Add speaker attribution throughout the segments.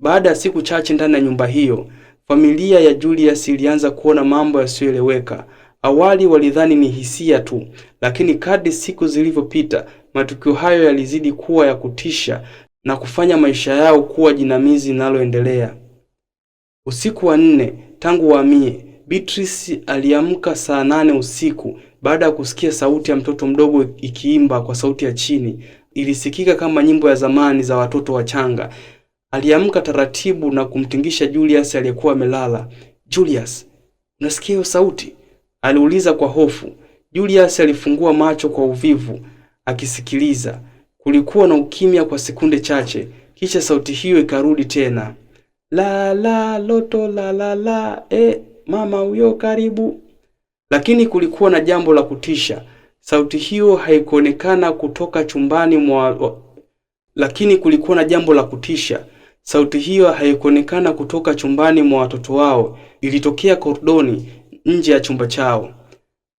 Speaker 1: Baada ya siku chache ndani ya nyumba hiyo, familia ya Julius ilianza kuona mambo yasiyoeleweka. Awali walidhani ni hisia tu, lakini kadri siku zilivyopita, matukio hayo yalizidi kuwa ya kutisha na kufanya maisha yao kuwa jinamizi linaloendelea. Usiku wa nne tangu waamie, Beatrice aliamka saa nane usiku baada ya kusikia sauti ya mtoto mdogo ikiimba kwa sauti ya chini. Ilisikika kama nyimbo ya zamani za watoto wachanga. Aliamka taratibu na kumtingisha Julius aliyekuwa amelala. Julius, unasikia hiyo sauti? aliuliza kwa hofu. Julius alifungua macho kwa uvivu akisikiliza. Kulikuwa na ukimya kwa sekunde chache, kisha sauti hiyo ikarudi tena, la la loto la la la, eh, mama huyo karibu. Lakini kulikuwa na jambo la kutisha. Sauti hiyo haikuonekana kutoka chumbani mwa, lakini kulikuwa na jambo la kutisha. Sauti hiyo haikuonekana kutoka chumbani mwa watoto wao, ilitokea koridoni nje ya chumba chao.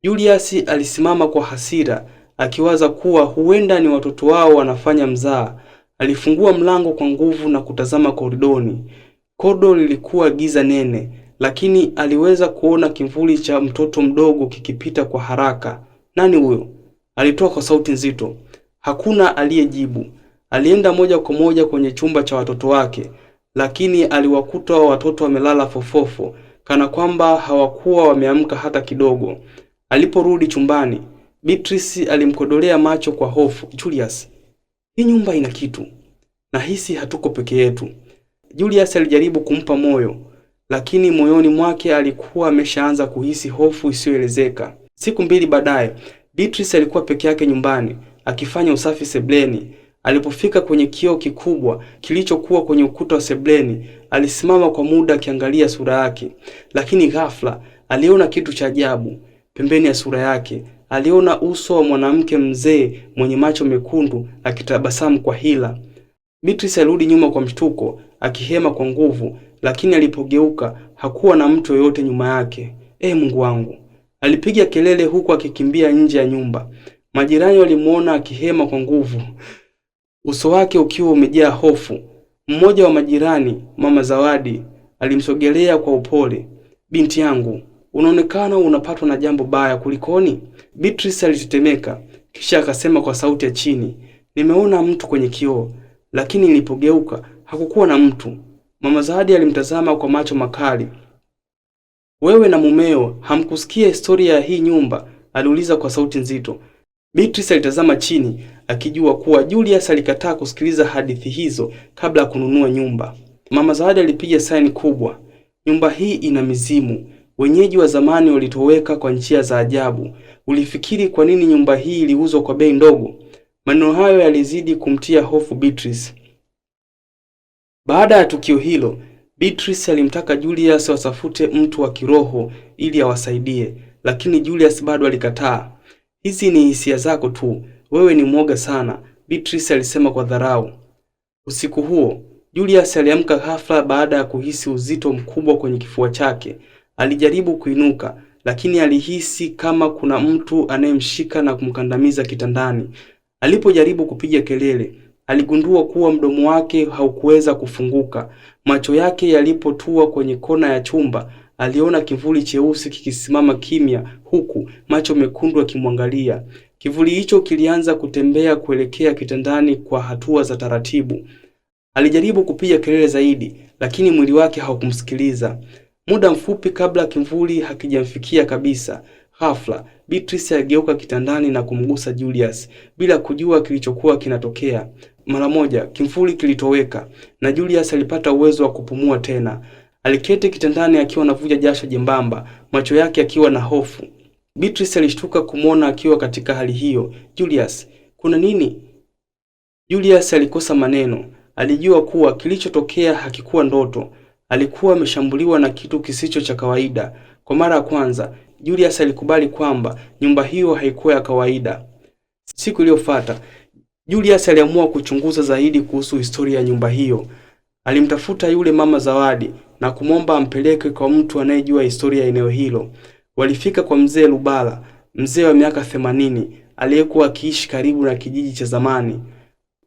Speaker 1: Julius alisimama kwa hasira akiwaza kuwa huenda ni watoto wao wanafanya mzaa. Alifungua mlango kwa nguvu na kutazama koridoni. kordo lilikuwa giza nene, lakini aliweza kuona kimvuli cha mtoto mdogo kikipita kwa haraka. Nani huyo? Alitoa kwa sauti nzito. Hakuna aliyejibu. Alienda moja kwa moja kwenye chumba cha watoto wake, lakini aliwakuta watoto wamelala fofofo kana kwamba hawakuwa wameamka hata kidogo. Aliporudi chumbani, Beatrice alimkodolea macho kwa hofu. Julius, hii nyumba ina kitu, nahisi hatuko peke yetu. Julius alijaribu kumpa moyo, lakini moyoni mwake alikuwa ameshaanza kuhisi hofu isiyoelezeka. Siku mbili baadaye, Beatrice alikuwa peke yake nyumbani akifanya usafi sebleni. Alipofika kwenye kioo kikubwa kilichokuwa kwenye ukuta wa sebleni, alisimama kwa muda akiangalia sura yake, lakini ghafla aliona kitu cha ajabu. Pembeni ya sura yake aliona uso wa mwanamke mzee mwenye macho mekundu akitabasamu kwa hila. Beatrice alirudi nyuma kwa mshtuko, akihema kwa nguvu, lakini alipogeuka hakuwa na mtu yoyote nyuma yake. E, Mungu wangu! Alipiga kelele huku akikimbia nje ya nyumba. Majirani walimuona akihema kwa nguvu uso wake ukiwa umejaa hofu. Mmoja wa majirani, Mama Zawadi, alimsogelea kwa upole. Binti yangu, unaonekana unapatwa na jambo baya, kulikoni? Beatrice alitetemeka, kisha akasema kwa sauti ya chini, nimeona mtu kwenye kioo, lakini nilipogeuka hakukuwa na mtu. Mama Zawadi alimtazama kwa macho makali. Wewe na mumeo hamkusikia historia ya hii nyumba? aliuliza kwa sauti nzito. Beatrice alitazama chini, akijua kuwa Julius alikataa kusikiliza hadithi hizo kabla ya kununua nyumba. Mama Zawadi alipiga saini kubwa, nyumba hii ina mizimu, wenyeji wa zamani walitoweka kwa njia za ajabu. Ulifikiri kwa nini nyumba hii iliuzwa kwa bei ndogo? Maneno hayo yalizidi kumtia hofu Beatrice. Baada ya tukio hilo, Beatrice alimtaka Julius wasafute mtu wa kiroho ili awasaidie, lakini Julius bado alikataa. Hizi ni hisia zako tu, wewe ni mwoga sana, Beatrice alisema kwa dharau. Usiku huo Julius aliamka ghafla baada ya kuhisi uzito mkubwa kwenye kifua chake. Alijaribu kuinuka, lakini alihisi kama kuna mtu anayemshika na kumkandamiza kitandani. Alipojaribu kupiga kelele, aligundua kuwa mdomo wake haukuweza kufunguka. Macho yake yalipotua kwenye kona ya chumba, aliona kivuli cheusi kikisimama kimya, huku macho mekundu yakimwangalia. Kivuli hicho kilianza kutembea kuelekea kitandani kwa hatua za taratibu. Alijaribu kupiga kelele zaidi, lakini mwili wake haukumsikiliza. Muda mfupi kabla kimvuli hakijamfikia kabisa, ghafla Beatrice aligeuka kitandani na kumgusa Julius bila kujua kilichokuwa kinatokea. Mara moja kimvuli kilitoweka na Julius alipata uwezo wa kupumua tena. Aliketi kitandani akiwa anavuja jasho jembamba, macho yake akiwa na hofu. Beatrice alishtuka kumwona akiwa katika hali hiyo. Julius, kuna nini? Julius alikosa maneno. Alijua kuwa kilichotokea hakikuwa ndoto. Alikuwa ameshambuliwa na kitu kisicho cha kawaida. Kwa mara ya kwanza, Julius alikubali kwamba nyumba hiyo haikuwa ya kawaida. Siku iliyofuata, Julius aliamua kuchunguza zaidi kuhusu historia ya nyumba hiyo. Alimtafuta yule mama Zawadi na kumwomba ampeleke kwa mtu anayejua historia ya eneo hilo. Walifika kwa mzee Lubala, mzee wa miaka themanini aliyekuwa akiishi karibu na kijiji cha zamani.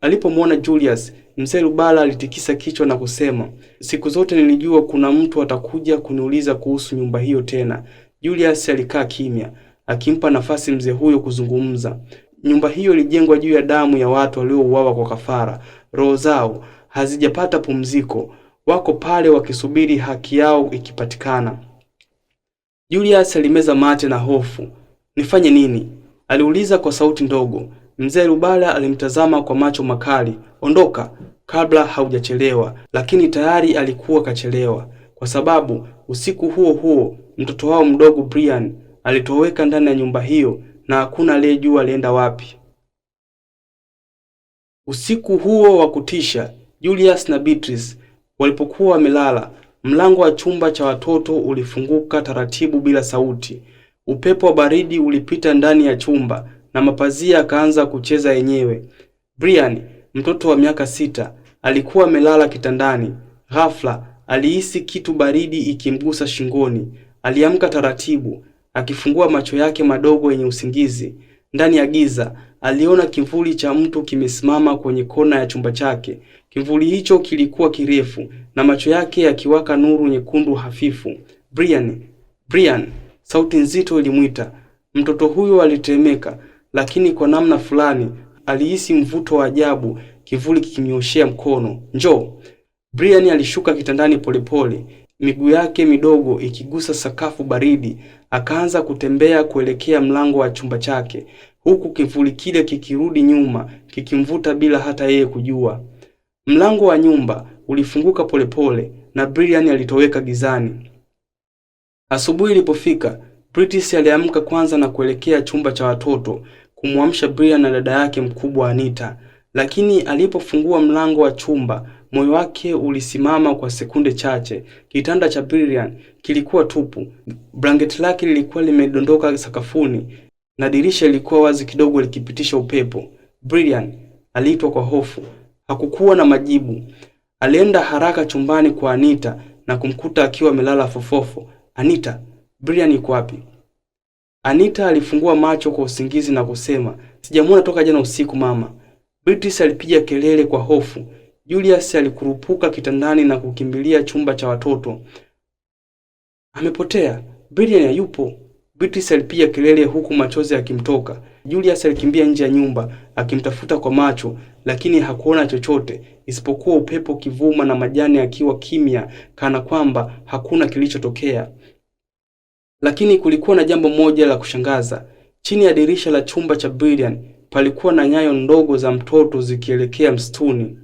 Speaker 1: Alipomwona Julius, mzee Lubala alitikisa kichwa na kusema, siku zote nilijua kuna mtu atakuja kuniuliza kuhusu nyumba hiyo tena. Julius alikaa kimya, akimpa nafasi mzee huyo kuzungumza. Nyumba hiyo ilijengwa juu ya damu ya watu waliouawa kwa kafara. Roho zao hazijapata pumziko, wako pale wakisubiri haki yao ikipatikana. Julius alimeza mate na hofu. Nifanye nini? aliuliza kwa sauti ndogo. Mzee Lubala alimtazama kwa macho makali. Ondoka kabla haujachelewa, lakini tayari alikuwa kachelewa, kwa sababu usiku huo huo mtoto wao mdogo Brian alitoweka ndani ya nyumba hiyo na hakuna aliyejua alienda wapi. Usiku huo wa kutisha, Julius na Beatrice walipokuwa wamelala, Mlango wa chumba cha watoto ulifunguka taratibu bila sauti. Upepo wa baridi ulipita ndani ya chumba na mapazia yakaanza kucheza yenyewe. Brian, mtoto wa miaka sita, alikuwa amelala kitandani. Ghafla alihisi kitu baridi ikimgusa shingoni. Aliamka taratibu, akifungua macho yake madogo yenye usingizi ndani ya giza, aliona kivuli cha mtu kimesimama kwenye kona ya chumba chake. Kivuli hicho kilikuwa kirefu na macho yake yakiwaka nuru nyekundu hafifu. Brian, Brian, sauti nzito ilimwita. Mtoto huyo alitemeka lakini kwa namna fulani alihisi mvuto wa ajabu, kivuli kikimnyoshea mkono. Njoo. Brian alishuka kitandani polepole pole miguu yake midogo ikigusa sakafu baridi, akaanza kutembea kuelekea mlango wa chumba chake, huku kivuli kile kikirudi nyuma kikimvuta bila hata yeye kujua. Mlango wa nyumba ulifunguka polepole na Brian alitoweka gizani. Asubuhi ilipofika, britis aliamka kwanza na kuelekea chumba cha watoto kumwamsha Brian na dada yake mkubwa Anita, lakini alipofungua mlango wa chumba Moyo wake ulisimama kwa sekunde chache. Kitanda cha brilian kilikuwa tupu, blanketi lake lilikuwa limedondoka sakafuni na dirisha lilikuwa wazi kidogo likipitisha upepo. Brillian aliitwa kwa hofu. Hakukuwa na majibu. Alienda haraka chumbani kwa Anita na kumkuta akiwa amelala fofofo. Anita, Brillian yuko wapi? Anita alifungua macho kwa usingizi na kusema, sijamwona toka jana usiku mama. Beatrice alipiga kelele kwa hofu. Julius alikurupuka kitandani na kukimbilia chumba cha watoto. Amepotea, Brian hayupo. Beatrice alipiga kelele huku machozi yakimtoka. Julius alikimbia nje ya nyumba akimtafuta kwa macho, lakini hakuona chochote isipokuwa upepo kivuma na majani akiwa kimya, kana kwamba hakuna kilichotokea. Lakini kulikuwa na jambo moja la kushangaza. Chini ya dirisha la chumba cha Brian palikuwa na nyayo ndogo za mtoto zikielekea msituni.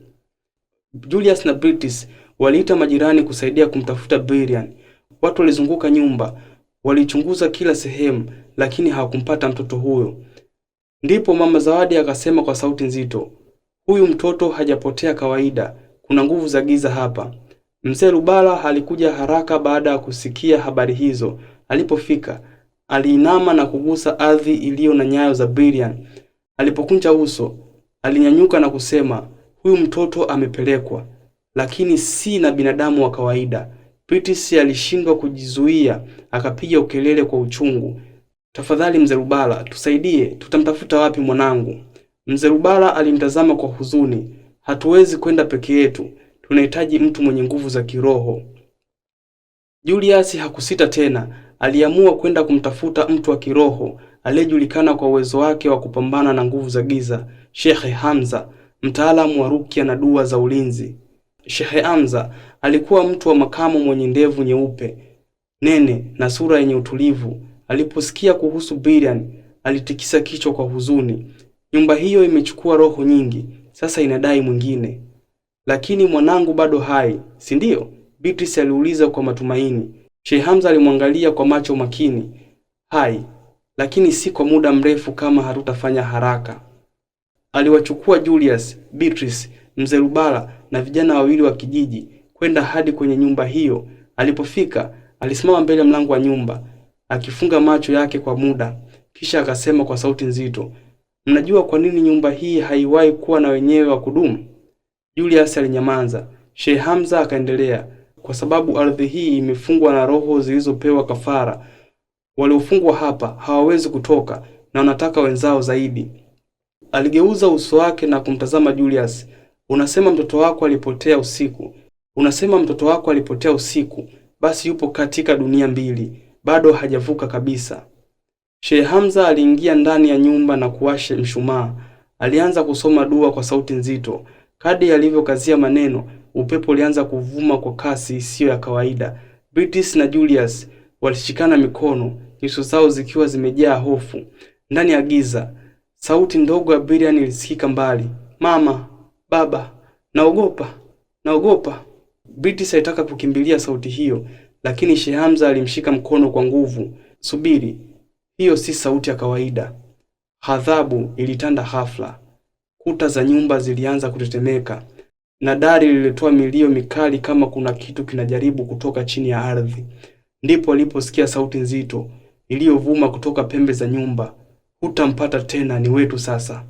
Speaker 1: Julius na Britis waliita majirani kusaidia kumtafuta Brian. Watu walizunguka nyumba, walichunguza kila sehemu, lakini hawakumpata mtoto huyo. Ndipo mama Zawadi akasema kwa sauti nzito, huyu mtoto hajapotea kawaida, kuna nguvu za giza hapa. Mzee Lubala alikuja haraka baada ya kusikia habari hizo. Alipofika aliinama na kugusa ardhi iliyo na nyayo za Brian. Alipokunja uso, alinyanyuka na kusema huyu mtoto amepelekwa, lakini si na binadamu wa kawaida. Pritice alishindwa kujizuia, akapiga ukelele kwa uchungu, tafadhali mzee Rubala, tusaidie, tutamtafuta wapi mwanangu? Mzee Rubala alimtazama kwa huzuni, hatuwezi kwenda peke yetu, tunahitaji mtu mwenye nguvu za kiroho. Julius hakusita tena, aliamua kwenda kumtafuta mtu wa kiroho aliyejulikana kwa uwezo wake wa kupambana na nguvu za giza, Shekhe Hamza mtaalamu wa rukia na dua za ulinzi. Shehe Amza alikuwa mtu wa makamo mwenye ndevu nyeupe nene na sura yenye utulivu. Aliposikia kuhusu Bilian alitikisa kichwa kwa huzuni. Nyumba hiyo imechukua roho nyingi, sasa inadai mwingine. Lakini mwanangu bado hai, si ndio? Beatrice aliuliza kwa matumaini. Sheikh Hamza alimwangalia kwa macho makini. Hai, lakini si kwa muda mrefu kama hatutafanya haraka aliwachukua Julius, Beatrice, mzee Rubala na vijana wawili wa kijiji kwenda hadi kwenye nyumba hiyo. Alipofika alisimama mbele ya mlango wa nyumba akifunga macho yake kwa muda, kisha akasema kwa sauti nzito, mnajua kwa nini nyumba hii haiwahi kuwa na wenyewe wa kudumu? Julius alinyamaza. Sheikh Hamza akaendelea, kwa sababu ardhi hii imefungwa na roho zilizopewa kafara. Waliofungwa hapa hawawezi kutoka na wanataka wenzao zaidi. Aligeuza uso wake na kumtazama Julius. Unasema mtoto wako alipotea usiku. Unasema mtoto wako alipotea usiku. Basi yupo katika dunia mbili. Bado hajavuka kabisa. Sheikh Hamza aliingia ndani ya nyumba na kuwasha mshumaa. Alianza kusoma dua kwa sauti nzito. kadi alivyokazia maneno, upepo ulianza kuvuma kwa kasi isiyo ya kawaida. Beatrice na Julius walishikana mikono, nyuso zao zikiwa zimejaa hofu. Ndani ya giza, Sauti ndogo ya Brian ilisikika mbali. Mama, baba, naogopa, naogopa. britis alitaka kukimbilia sauti hiyo, lakini shehamza alimshika mkono kwa nguvu. Subiri, hiyo si sauti ya kawaida. Hadhabu ilitanda hafla. Kuta za nyumba zilianza kutetemeka na dari lilitoa milio mikali kama kuna kitu kinajaribu kutoka chini ya ardhi. Ndipo aliposikia sauti nzito iliyovuma kutoka pembe za nyumba hutampata tena, ni wetu sasa.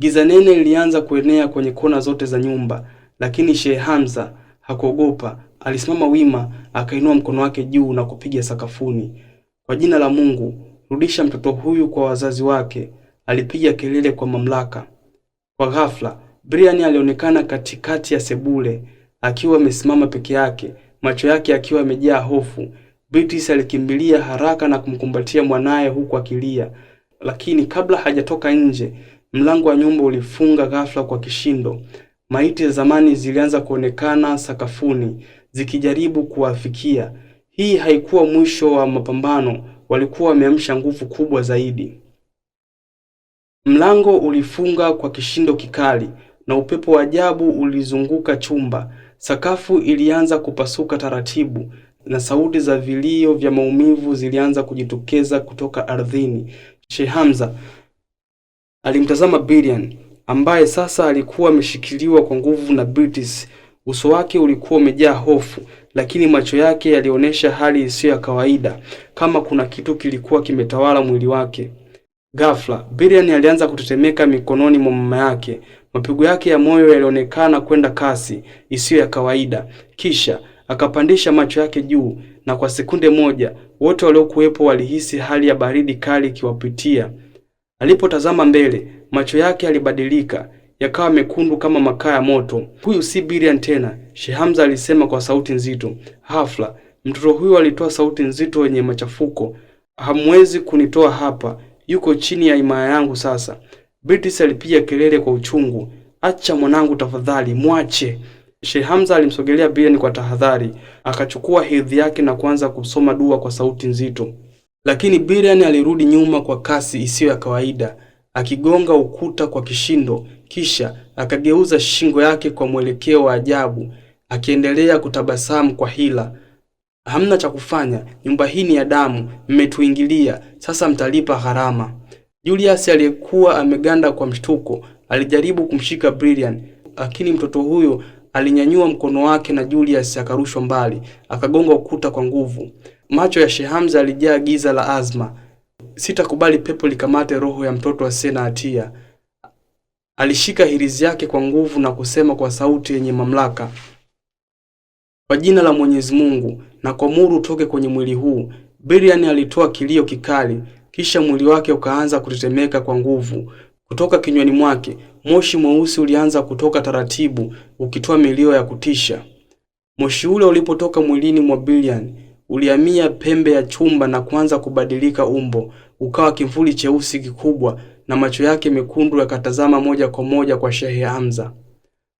Speaker 1: Giza nene lilianza kuenea kwenye kona zote za nyumba, lakini Sheikh Hamza hakuogopa. Alisimama wima, akainua mkono wake juu na kupiga sakafuni. Kwa jina la Mungu, rudisha mtoto huyu kwa wazazi wake, alipiga kelele kwa mamlaka. Kwa ghafla, Brian alionekana katikati ya sebule akiwa amesimama peke yake, macho yake akiwa yamejaa hofu. Beatrice alikimbilia haraka na kumkumbatia mwanaye huku akilia, lakini kabla hajatoka nje, mlango wa nyumba ulifunga ghafla kwa kishindo. Maiti za zamani zilianza kuonekana sakafuni zikijaribu kuwafikia. Hii haikuwa mwisho wa mapambano, walikuwa wameamsha nguvu kubwa zaidi. Mlango ulifunga kwa kishindo kikali na upepo wa ajabu ulizunguka chumba. Sakafu ilianza kupasuka taratibu na sauti za vilio vya maumivu zilianza kujitokeza kutoka ardhini. Sheikh Hamza alimtazama Bilian ambaye sasa alikuwa ameshikiliwa kwa nguvu na Beatrice. Uso wake ulikuwa umejaa hofu, lakini macho yake yalionyesha hali isiyo ya kawaida, kama kuna kitu kilikuwa kimetawala mwili wake. Ghafla, Bilian alianza kutetemeka mikononi mwa mama yake. Mapigo yake ya moyo yalionekana kwenda kasi isiyo ya kawaida, kisha akapandisha macho yake juu, na kwa sekunde moja wote waliokuwepo walihisi hali ya baridi kali ikiwapitia. Alipotazama mbele, macho yake yalibadilika, yakawa mekundu kama makaa ya moto. Huyu si brian tena, Shehamza alisema kwa sauti nzito. Hafla mtoto huyu alitoa sauti nzito yenye machafuko. Hamwezi kunitoa hapa, yuko chini ya himaya yangu sasa. Beatrice alipiga kelele kwa uchungu, acha mwanangu tafadhali, mwache. Sheikh Hamza alimsogelea Brian kwa tahadhari, akachukua hedhi yake na kuanza kusoma dua kwa sauti nzito, lakini Brian alirudi nyuma kwa kasi isiyo ya kawaida, akigonga ukuta kwa kishindo, kisha akageuza shingo yake kwa mwelekeo wa ajabu, akiendelea kutabasamu kwa hila. Hamna cha kufanya, nyumba hii ni ya damu, mmetuingilia, sasa mtalipa gharama. Julius aliyekuwa ameganda kwa mshtuko alijaribu kumshika Brian, lakini mtoto huyo alinyanyua mkono wake na Julius akarushwa mbali, akagonga ukuta kwa nguvu. Macho ya shehamza alijaa giza la azma. Sitakubali pepo likamate roho ya mtoto asiye na hatia. Alishika hirizi yake kwa nguvu na kusema kwa sauti yenye mamlaka, kwa jina la Mwenyezi Mungu na muru utoke kwenye mwili huu. Birian alitoa kilio kikali, kisha mwili wake ukaanza kutetemeka kwa nguvu. Kutoka kinywani mwake moshi mweusi ulianza kutoka taratibu, ukitoa milio ya kutisha. Moshi ule ulipotoka mwilini mwa Billian ulihamia pembe ya chumba na kuanza kubadilika umbo, ukawa kivuli cheusi kikubwa, na macho yake mekundu yakatazama moja kwa moja kwa Shehe Hamza.